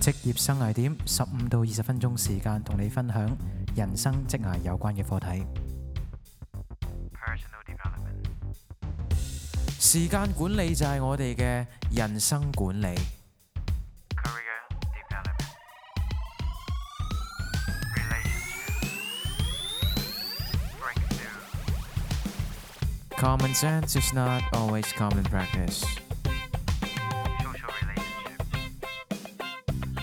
職業生涯點，十五到二十分鐘時間，同你分享人生職涯有關嘅課題。Personal development. 時間管理就係我哋嘅人生管理。Common sense is not always common practice.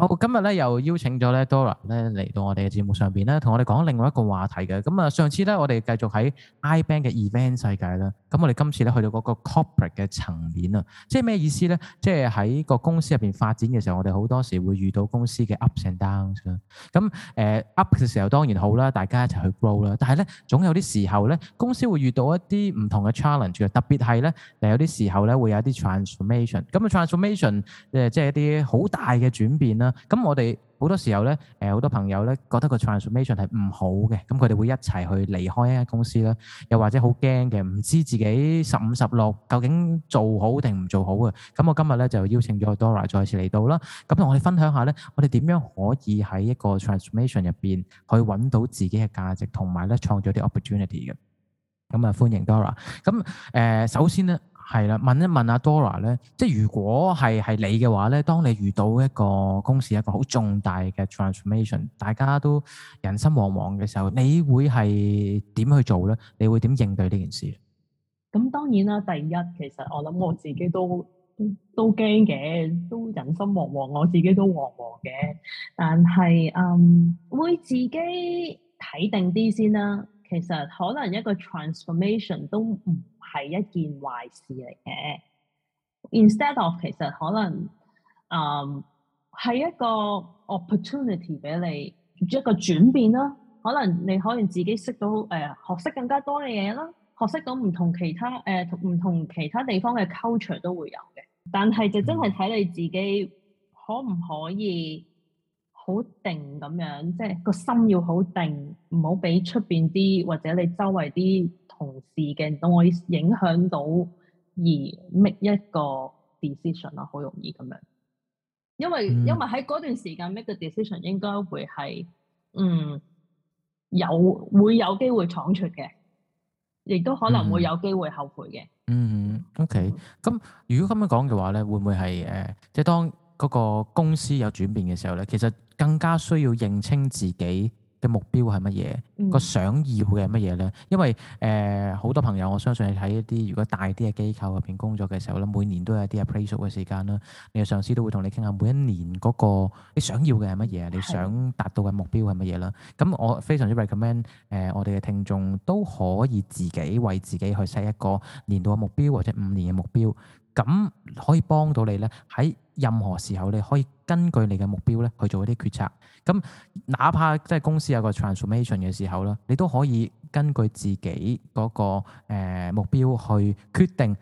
好，今日咧又邀請咗咧 Dora 咧嚟到我哋嘅節目上邊咧，同我哋講另外一個話題嘅。咁啊，上次咧我哋繼續喺 ibank 嘅 event 世界啦，咁我哋今次咧去到個 corporate 嘅層面啊，即係咩意思咧？即係喺個公司入邊發展嘅時候，我哋好多時會遇到公司嘅、呃、ups and downs 啦。咁誒 up 嘅時候當然好啦，大家一齊去 grow 啦。但係咧，總有啲時候咧，公司會遇到一啲唔同嘅 challenge，特別係咧，有啲時候咧會有一啲 transformation trans、呃。咁啊，transformation 誒即係一啲好大嘅轉變啦。咁我哋好多時候咧，誒好多朋友咧覺得個 transformation 係唔好嘅，咁佢哋會一齊去離開一間公司啦，又或者好驚嘅，唔知自己十五十六究竟做好定唔做好嘅。咁我今日咧就邀請咗 Dora 再次嚟到啦，咁同我哋分享下咧，我哋點樣可以喺一個 transformation 入邊去揾到自己嘅價值，同埋咧創造啲 opportunity 嘅。咁啊，歡迎 Dora。咁誒、呃，首先咧。係啦，問一問阿 Dora 咧，即係如果係係你嘅話咧，當你遇到一個公司一個好重大嘅 transformation，大家都人心惶惶嘅時候，你會係點去做咧？你會點應對呢件事？咁當然啦，第一其實我諗我自己都都驚嘅，都人心惶惶，我自己都惶惶嘅。但係嗯，會自己睇定啲先啦。其實可能一個 transformation 都唔～係一件壞事嚟嘅。Instead of，其實可能，係、嗯、一個 opportunity 俾你，一個轉變啦。可能你可以自己識到誒、呃，學識更加多嘅嘢啦，學識到唔同其他誒唔、呃、同其他地方嘅 culture 都會有嘅。但係就真係睇你自己可唔可以？好定咁樣，即係個心要好定，唔好俾出邊啲或者你周圍啲同事嘅外影響到而 make 一個 decision 咯，好容易咁樣。因為、嗯、因為喺嗰段時間 make 個 decision 應該會係，嗯，有會有機會闖出嘅，亦都可能會有機會後悔嘅、嗯。嗯，OK，咁如果咁樣講嘅話咧，會唔會係誒、呃，即係當嗰個公司有轉變嘅時候咧，其實更加需要認清自己嘅目標係乜嘢，個、嗯、想要嘅係乜嘢咧？因為誒好、呃、多朋友，我相信你喺一啲如果大啲嘅機構入邊工作嘅時候咧，每年都有一啲 appraisal 嘅時間啦，你嘅上司都會同你傾下每一年嗰個你想要嘅係乜嘢，的你想達到嘅目標係乜嘢啦？咁我非常之 recommend 誒我哋嘅聽眾都可以自己為自己去 set 一個年度嘅目標或者五年嘅目標。咁可以幫到你咧，喺任何時候你可以根據你嘅目標咧去做一啲決策。咁哪怕即係公司有個 transformation 嘅時候啦，你都可以根據自己嗰個誒目標去決定。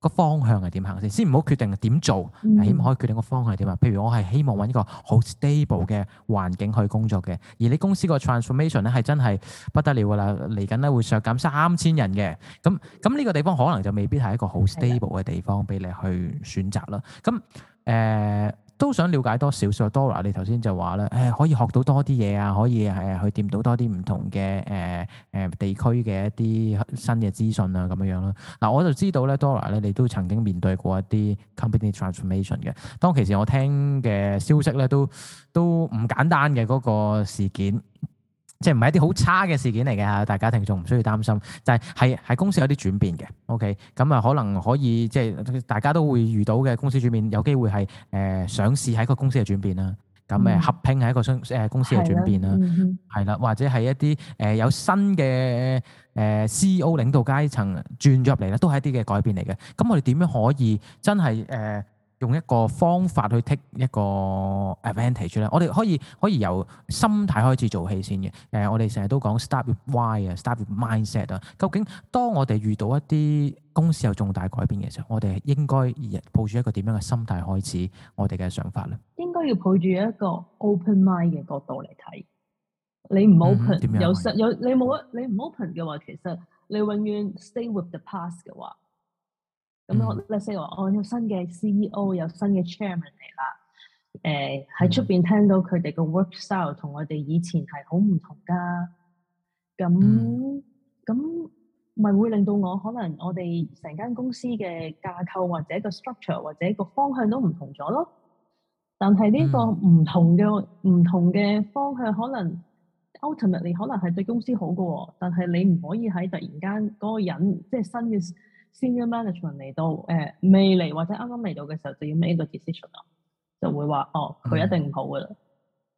個方向係點行先，先唔好決定點做，希望、嗯、可以決定個方向係點啊！譬如我係希望揾一個好 stable 嘅環境去工作嘅，而你公司個 transformation 咧係真係不得了噶啦，嚟緊咧會削減三千人嘅，咁咁呢個地方可能就未必係一個好 stable 嘅地方俾你去選擇啦。咁誒的。都想了解多少少 Dora 你頭先就話咧，誒可以學到多啲嘢啊，可以係去掂到多啲唔同嘅誒誒地區嘅一啲新嘅資訊啊咁樣樣咯。嗱，我就知道咧 Dora 咧，你都曾經面對過一啲 company transformation 嘅。當其時我聽嘅消息咧，都都唔簡單嘅嗰、那個事件。即係唔係一啲好差嘅事件嚟嘅吓，大家聽眾唔需要擔心，就係係係公司有啲轉變嘅，OK，咁、嗯、啊可能可以即係大家都會遇到嘅公司轉變，有機會係誒、呃、上市喺個公司嘅轉變啦，咁、啊、誒合併喺一個商、誒公司嘅轉變啦，係啦、嗯嗯嗯，或者係一啲誒、呃、有新嘅誒、呃、CEO 領導階層轉咗入嚟咧，都係一啲嘅改變嚟嘅。咁、嗯、我哋點樣可以真係誒？呃用一個方法去 take 一個 advantage 咧，我哋可以可以由心態開始做起先嘅。誒、呃，我哋成日都講 start with why 啊，start with mindset 啊。究竟當我哋遇到一啲公司有重大改變嘅時候，我哋係應該抱住一個點樣嘅心態開始我哋嘅想法咧？應該要抱住一個 open mind 嘅角度嚟睇。你唔 open、嗯、有實有你冇你唔 open 嘅話，其實你永遠 stay with the past 嘅話。咁、嗯、我 let's say 我哦有新嘅 CEO 有新嘅 Chairman 嚟啦，誒喺出邊聽到佢哋個 work style 同我哋以前係好唔同噶，咁咁咪會令到我可能我哋成間公司嘅架構或者個 structure 或者個方向都唔同咗咯。但係呢個唔同嘅唔、嗯、同嘅方向，可能 ultimately 可能係對公司好嘅，但係你唔可以喺突然間嗰個人即係新嘅。Senior management 嚟到，誒、呃、未嚟或者啱啱嚟到嘅時候就要 make 個 decision 啊，就會話哦佢一定唔好嘅啦，嗯、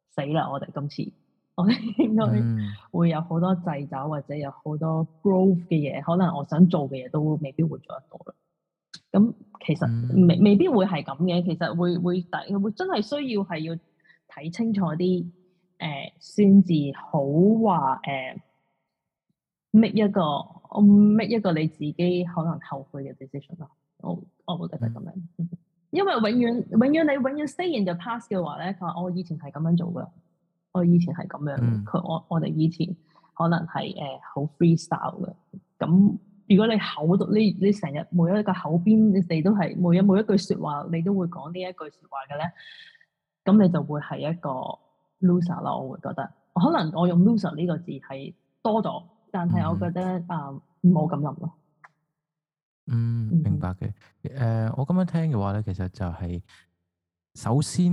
死啦！我哋今次我哋應該會有好多掣肘或者有好多 growth 嘅嘢，可能我想做嘅嘢都未必會做得到啦。咁其實、嗯、未未必會係咁嘅，其實會會第會真係需要係要睇清楚啲誒先至好話誒、呃、make 一個。我 make 一個你自己可能後悔嘅 decision 咯，我我覺得係咁樣，因為永遠永遠你永遠 stay in the past 嘅話咧，佢話我以前係咁樣做嘅，我以前係咁樣，佢、mm. 我我哋以前可能係誒好 free style 嘅，咁如果你口你你成日每一個口邊你都係每有每一句説話你都會講呢一句説話嘅咧，咁你就會係一個 loser 啦，我會覺得，可能我用 loser 呢個字係多咗。但係我覺得啊，唔好咁諗咯。呃、嗯，明白嘅。誒、呃，我咁樣聽嘅話咧，其實就係首先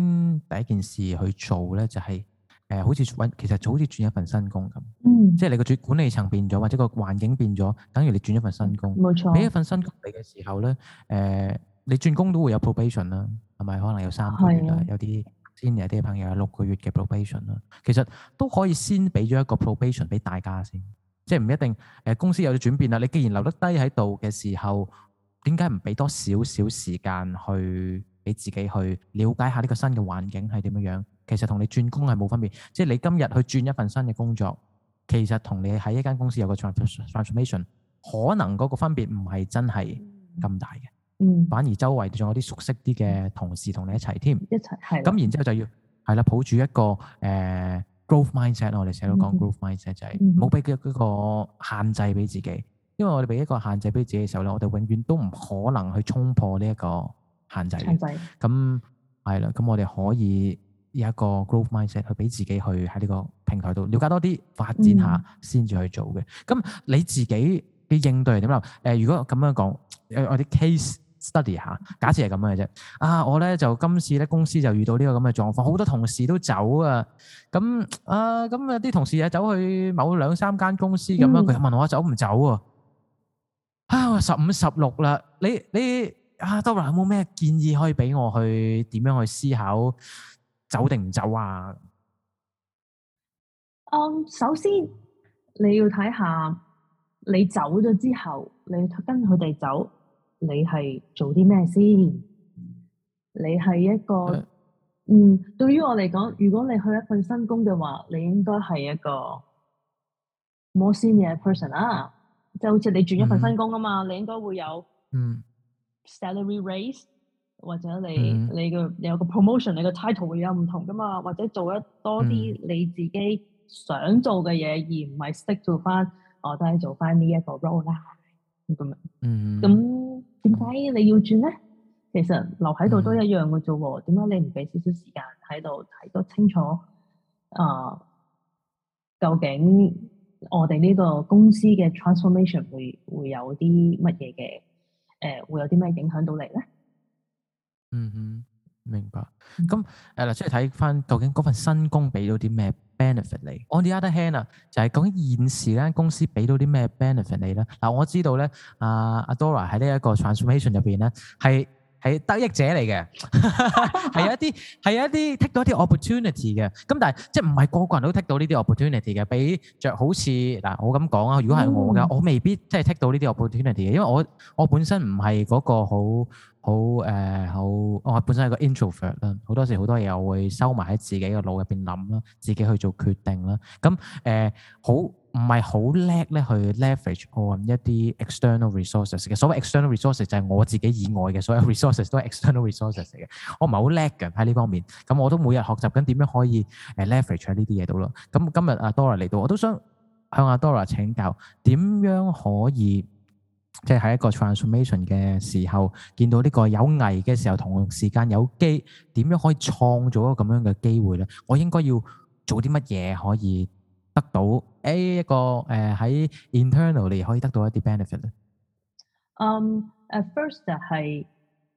第一件事去做咧，就係、是、誒、呃，好似其實就好似轉一份新工咁。嗯，即係你個管理層變咗，或者個環境變咗，等於你轉一份新工。冇、嗯、錯。俾一份新工嚟嘅時候咧，誒、呃，你轉工都會有 probation 啦，係咪？可能有三個月啦，的有啲 senior 啲朋友有六個月嘅 probation 啦。其實都可以先俾咗一個 probation 俾大家先。即係唔一定，誒，公司有咗轉變啦。你既然留得低喺度嘅時候，點解唔俾多少少時間去俾自己去了解下呢個新嘅環境係點樣樣？其實同你轉工係冇分別。即係你今日去轉一份新嘅工作，其實同你喺一間公司有個 transformation，可能嗰個分別唔係真係咁大嘅。嗯，反而周圍仲有啲熟悉啲嘅同事同你一齊添，一齊係。咁然之後就要係啦，抱住一個誒。growth mindset 我哋成日都講 growth mindset 就係冇俾佢嗰個限制俾自己，因為我哋俾一個限制俾自己嘅時候咧，我哋永遠都唔可能去衝破呢一個限制。咁係啦，咁我哋可以有一個 growth mindset 去俾自己去喺呢個平台度了解多啲發展下，先至去做嘅。咁、mm hmm. 你自己嘅應對係點咧？誒、呃，如果咁樣講，我、呃、啲 case。study 下，假設係咁嘅啫。啊，我咧就今次咧公司就遇到呢個咁嘅狀況，好多同事都走啊。咁啊，咁啊啲同事啊走去某兩三間公司咁啦。佢問我走唔走啊？啊，十五十六啦，你你啊，Dora，有冇咩建議可以俾我去點樣去思考走定唔走啊？嗯，首先你要睇下你走咗之後，你跟佢哋走。你係做啲咩先？你係一個嗯，嗯，對於我嚟講，如果你去一份新工嘅話，你應該係一個 more senior person 啦，啊，即好似你轉一份新工啊嘛，嗯、你應該會有嗯 salary raise，或者你、嗯、你嘅有個 promotion，你嘅 title 會有唔同噶嘛，或者做一多啲你自己想做嘅嘢，而唔係 stick to 翻我都係做翻呢一個 role 啦。咁，咁點解你要轉咧？其實留喺度都一樣嘅啫，嗯、哼點解你唔俾少少時間喺度睇多清楚啊、呃？究竟我哋呢個公司嘅 transformation 會會有啲乜嘢嘅？誒，會有啲咩、呃、影響到你咧？嗯哼。明白，咁誒，嚟即係睇翻究竟嗰份新工俾到啲咩 benefit 你？On the other hand 啊，就係究竟現時間公司俾到啲咩 benefit 你咧？嗱，我知道咧，阿阿 Dora 喺呢一個 transformation 入邊咧，係係得益者嚟嘅，係有一啲係有一啲 take 到一啲 opportunity 嘅。咁但係即係唔係個個人都 take 到呢啲 opportunity 嘅，俾着好似嗱，我咁講啊，如果係我嘅，我未必即係 take 到呢啲 opportunity 嘅，因為我我本身唔係嗰個好。好誒，好，我本身係個 introvert 啦，好多時好多嘢我會收埋喺自己嘅腦入邊諗啦，自己去做決定啦。咁誒，好唔係好叻咧去 leverage on 一啲 external resources 嘅。所謂 external resources 就係我自己以外嘅所有 resources 都係 external resources 嚟嘅。我唔係好叻嘅喺呢方面。咁我都每日學習緊點樣可以誒 leverage 喺呢啲嘢度咯。咁今日阿 Dora 嚟到，我都想向阿 Dora 請教點樣可以。即係喺一個 transformation 嘅時候，見到呢個有危嘅時候同時間有機，點樣可以創造一個咁樣嘅機會咧？我應該要做啲乜嘢可以得到 A 一個誒喺、呃、internal 你可以得到一啲 benefit 咧？嗯、um，At first 就係，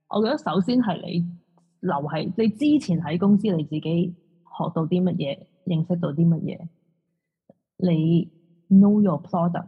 我覺得首先係你留喺你之前喺公司你自己學到啲乜嘢，認識到啲乜嘢，你 know your product。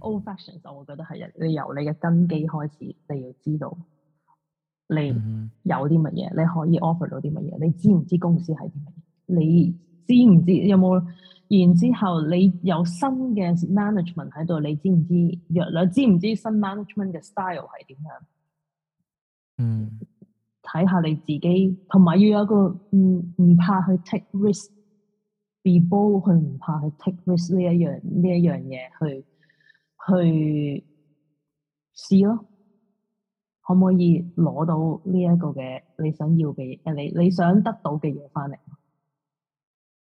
Old fashions 我會覺得係，你由你嘅根基開始，你要知道你有啲乜嘢，你可以 offer 到啲乜嘢。你知唔知公司係啲乜嘢？你知唔知有冇？然之後你有新嘅 management 喺度，你知唔知？若你知唔知新 management 嘅 style 係點樣？嗯，睇下你自己，同埋要有一個唔唔怕去 take risk，be bold，去唔怕去 take risk 呢一樣呢一樣嘢去。去試咯，可唔可以攞到呢一個嘅你想要嘅嘢？你、呃、你想得到嘅嘢翻嚟，嗯、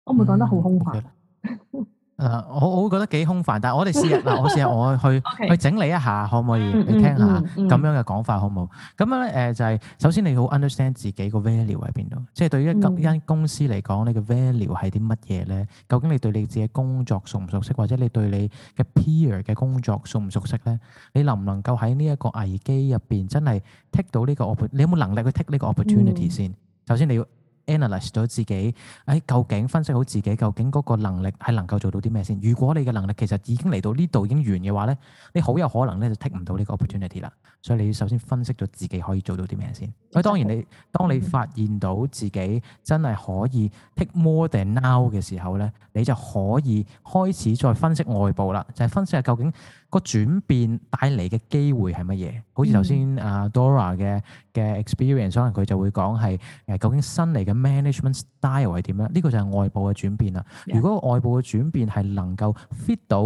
我唔會講得好空泛。 誒、uh，我我會覺得幾空泛，但係我哋試下。嗱，我試下我去 Okay. 去整理一下，可唔可以？ 你聽下咁樣嘅講法可可，好唔好？咁樣咧，誒、呃，就係、是、首先你好 understand 自己個 value 喺邊度？即係對於一間公司嚟講， 你個 value 係啲乜嘢咧？究竟你對你自己工作熟唔熟悉，或者你對你嘅 peer 嘅工作熟唔熟悉咧？你能唔能夠喺呢一個危機入邊真係 take 到呢個 opportunity，你有冇能力去 take 呢個 opportunity 先？ 首先你要。Analyze 分析咗自己，誒、哎、究竟分析好自己，究竟嗰個能力係能夠做到啲咩先？如果你嘅能力其實已經嚟到呢度已經完嘅話咧，你好有可能咧就 take 唔到呢個 opportunity 啦。所以你要首先分析咗自己可以做到啲咩先。咁當然你，你當你發現到自己真係可以 take more than now 嘅時候咧，你就可以開始再分析外部啦。就係分析下究竟個轉變帶嚟嘅機會係乜嘢？好似頭先阿 Dora 嘅嘅 experience，可能佢就會講係誒究竟新嚟嘅 management style 係點樣？呢個就係外部嘅轉變啦。如果外部嘅轉變係能夠 fit 到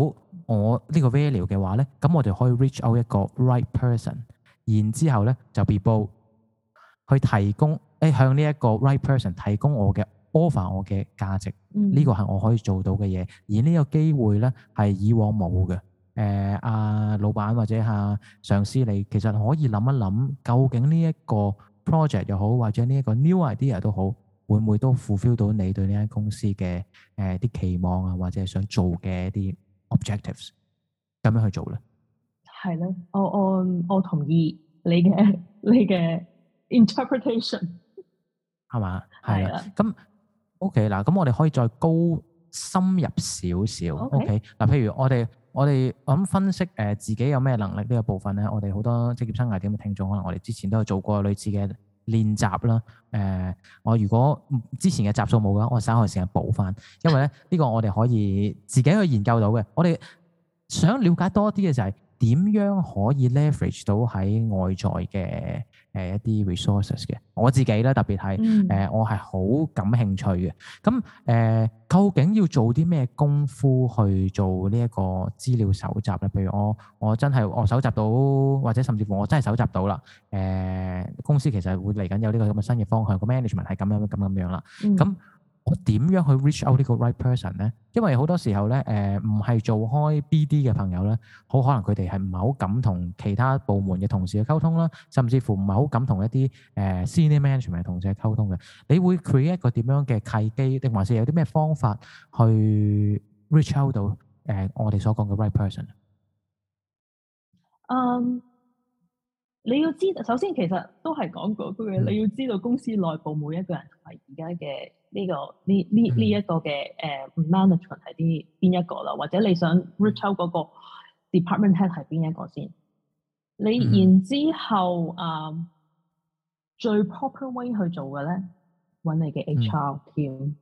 我呢個 value 嘅話咧，咁我哋可以 reach out 一個 right person，然之後咧就 be bold。去提供誒、哎、向呢一個 right person 提供我嘅 offer，我嘅價值呢個係我可以做到嘅嘢，而呢個機會咧係以往冇嘅。誒、呃、啊，老闆或者啊上司你，你其實可以諗一諗，究竟呢一個 project 又好，或者呢一個 new idea 都好，會唔會都 fulfill 到你對呢間公司嘅誒啲期望啊，或者係想做嘅一啲 objectives 咁樣去做咧？係咯，我我我同意你嘅你嘅。Interpretation 係嘛係啊咁吧 OK 嗱咁我哋可以再高深入少少 OK 嗱 Okay.、呃、譬如我哋我哋咁分析誒、呃、自己有咩能力呢個部分咧我哋好多職業生涯點嘅聽眾可能我哋之前都有做過類似嘅練習啦誒我如果之前嘅集數冇嘅話我稍後時間補翻因為咧呢、這個我哋可以自己去研究到嘅 我哋想了解多啲嘅就係、是、點樣可以 leverage 到喺外在嘅誒、呃、一啲 resources 嘅，我自己咧特別係誒、嗯呃、我係好感興趣嘅。咁誒、呃，究竟要做啲咩功夫去做呢一個資料搜集咧？譬如我我真係我搜集到，或者甚至乎我真係搜集到啦。誒、呃、公司其實會嚟緊有呢個咁嘅新嘅方向，個 management 係咁樣咁咁樣啦。咁我點樣去 reach out 呢個 right person 咧？因為好多時候咧，誒唔係做開 BD 嘅朋友咧，好可能佢哋係唔係好敢同其他部門嘅同事去溝通啦，甚至乎唔係好敢同一啲誒 Senior Management 同事去溝通嘅。你會 create 一個點樣嘅契機，定還是有啲咩方法去 reach out 到誒我哋所講嘅 right person？嗯。你要知，首先其實都係講嗰句嘢。你要知道公司內部每一個人係而家嘅呢個呢呢呢一個嘅誒，management 係啲邊一個啦，或者你想 reach out 嗰個 department head 係邊一個先。你然之後啊，最 proper way 去做嘅咧，揾你嘅 HR team，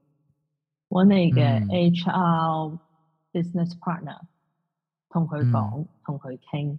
揾你嘅 HR business partner，同佢講，同佢傾。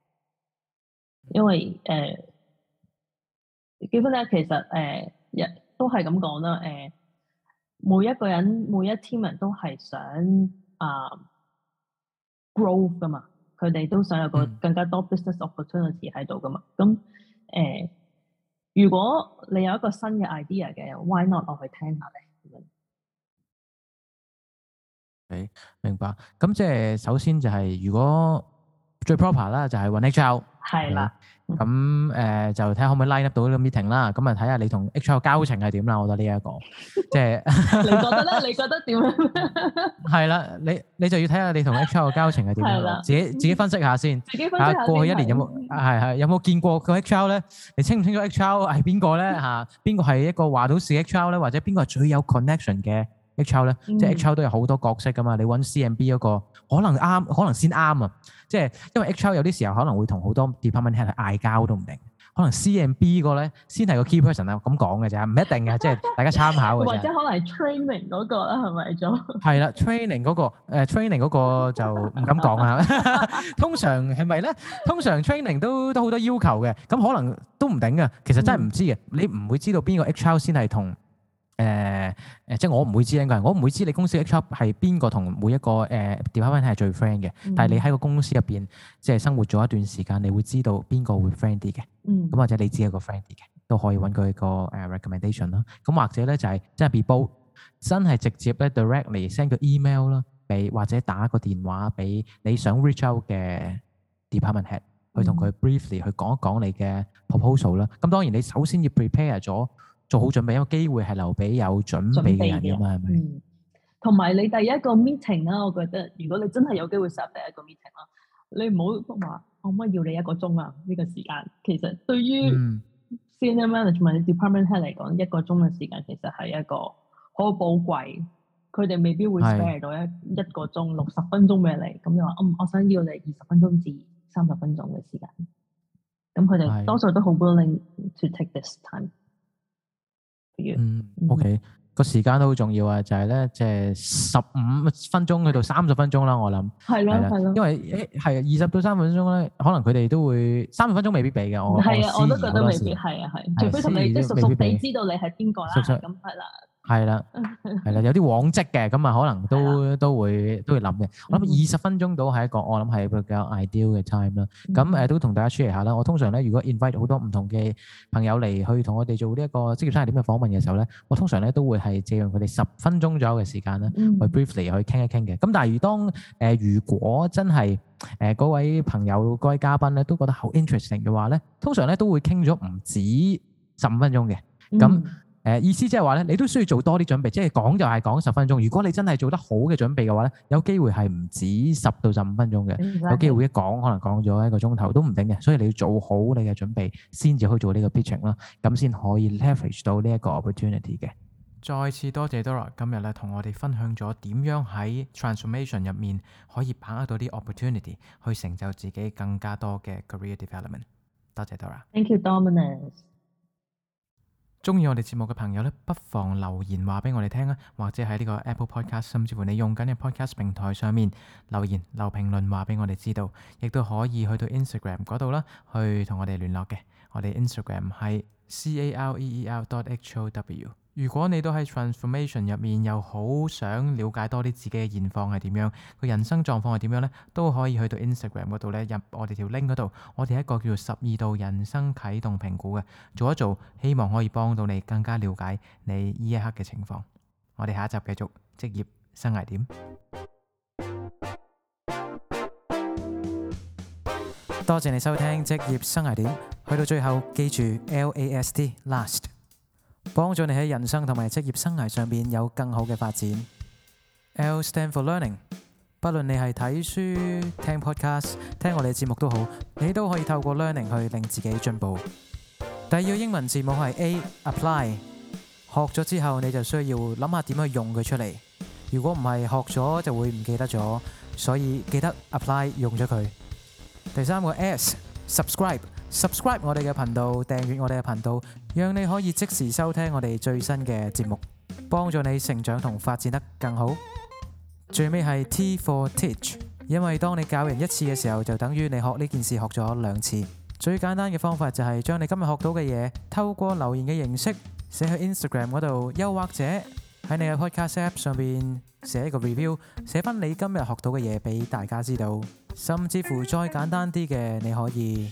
因為誒，基本咧，that, 其實誒，亦、呃、都係咁講啦。誒、呃，每一個人，每一 team 人都係想啊、呃、growth 噶嘛，佢哋都想有個更加多 business opportunity 喺度噶嘛。咁誒、呃，如果你有一個新嘅 idea 嘅，why not 我去聽下咧？咁誒，明白。咁即係首先就係如果。最 proper 啦，就係揾 HR 係啦。咁誒就睇下可唔可以 line up 到呢個 meeting 啦。咁啊睇下你同 HR 交情係點啦。我覺得，這個就是、 覺得呢一個即係。你覺得咧？ 你覺得點樣？係啦。你你就要睇下你同 HR 交情係點樣。啦吧。自己自己分析下先。自己分析下。析下看看過去一年有冇係係有冇吧見過個 HR 咧？你清唔清，清楚 HR 係邊個咧？吓、 啊，邊個係一個話到事 HR 咧？或者邊個係最有 connection 嘅？HR 咧，嗯、即係 HR 都有好多角色噶嘛。你揾 C&B 嗰、那個可能啱，可能先啱啊。即係因為 HR 有啲時候可能會同好多 department head 嗌交都唔定，可能 C&B 個咧先係個 key person 啊。咁講嘅啫，唔一定嘅， 即係大家參考嘅啫。或者可能係 training 嗰個啦，係咪就係啦 ，training 嗰、那個、呃、training 嗰個就唔敢講啊。 通常係咪咧？通常 training 都都好多要求嘅，咁可能都唔定嘅。其實真係唔知嘅，嗯、你唔會知道邊個 HR 先係同。誒誒、呃，即係我唔會知一個人，我唔會知你公司 HR 係邊個同每一個誒、呃、department 係最 friend 嘅。但係你喺個公司入邊，即係生活咗一段時間，你會知道邊個會 friend 啲嘅。咁、嗯、或者你知有個 friend 啲嘅，都可以揾佢個誒 recommendation 啦。咁、啊、或者咧就係即係 be bold，真係直接咧 directly send 個 email 啦，俾或者打個電話俾你想 reach out 嘅 department head，去同佢 briefly 去講一講你嘅 proposal 啦。咁、啊、當然你首先要 prepare 咗。做好準備，因為機會係留俾有準備嘅人㗎嘛，係咪？嗯，同埋你第一個 meeting 啦，我覺得，如果你真係有機會 set 第一個 meeting 啦，你唔好話可唔可以要你一個鐘啊？呢個時間其實對於 senior management、department head 嚟講，一個鐘嘅時間其實係一個好寶貴，佢哋未必會 spare 到一一個鐘六十分鐘俾你。咁你話我我想要你二十分鐘至三十分鐘嘅時間，咁佢哋多數都好 willing to take this time。嗯，OK，個、嗯、時間都好重要啊，就係、是、咧，即係十五分鐘去到三十分鐘啦，我諗係咯，係咯，因為誒係二十到三十分鐘咧，可能佢哋都會三十分鐘未必俾嘅，我係啊，我都覺得未必，係啊係，除非同你即熟熟地知道你係邊個啦，咁係啦。啊係啦，係啦，有啲往績嘅，咁啊可能都都會都會諗嘅。我諗二十分鐘到係一個，我諗係比較 ideal 嘅 time 啦。咁誒都同大家 share 下啦。我通常咧，如果 invite 好多唔同嘅朋友嚟去同我哋做呢一個職業生涯點嘅訪問嘅時候咧，我通常咧都會係借用佢哋十分鐘左右嘅時間咧，去 briefly 去傾一傾嘅。咁但係，如果真係誒嗰位朋友、嗰位嘉賓咧都覺得好 interesting 嘅話咧，通常咧都會傾咗唔止十五分鐘嘅咁。誒意思即係話咧，你都需要做多啲準備，即係講就係講十分鐘。如果你真係做得好嘅準備嘅話咧，有機會係唔止十到十五分鐘嘅，有機會一講可能講咗一個鐘頭都唔定嘅。所以你要做好你嘅準備，先至可以做呢個 pitching 啦，咁先可以 leverage 到呢一個 opportunity 嘅。再次多謝 Dora 今日咧同我哋分享咗點樣喺 transformation 入面可以把握到啲 opportunity 去成就自己更加多嘅 career development。多謝 Dora。Thank you, Dominus。中意我哋節目嘅朋友咧，不妨留言話俾我哋聽啊，或者喺呢個 Apple Podcast，甚至乎你用緊嘅 Podcast 平台上面留言留評論，話俾我哋知道，亦都可以去到 Instagram 嗰度啦，去同我哋聯絡嘅。我哋 Instagram 係 C A R E E R dot H O W。如果你都喺 Transformation 入面，又好想了解多啲自己嘅現況係點樣，佢人生狀況係點樣呢？都可以去到 Instagram 嗰度呢，入我哋條 link 嗰度，我哋一個叫做十二度人生啟動評估嘅做一做，希望可以幫到你更加了解你呢一刻嘅情況。我哋下一集繼續職業生涯點。多謝你收聽職業生涯點，去到最後記住 L A S T Last。幫助你喺人生同埋職業生涯上面有更好嘅發展。L stand for learning。不論你係睇書、聽 podcast、聽我哋嘅節目都好，你都可以透過 learning 去令自己進步。第二個英文字母係 A apply。學咗之後，你就需要諗下點去用佢出嚟。如果唔係學咗就會唔記得咗，所以記得 apply 用咗佢。第三個 S subscribe。subscribe 我哋嘅頻道，訂閱我哋嘅頻道，讓你可以即時收聽我哋最新嘅節目，幫助你成長同發展得更好。最尾係 T for Teach，因為當你教人一次嘅時候，就等於你學呢件事學咗兩次。最簡單嘅方法就係將你今日學到嘅嘢，透過留言嘅形式寫去 Instagram 嗰度，又或者喺你嘅 Podcast App 上面寫一個 review，寫翻你今日學到嘅嘢俾大家知道。甚至乎再簡單啲嘅，你可以。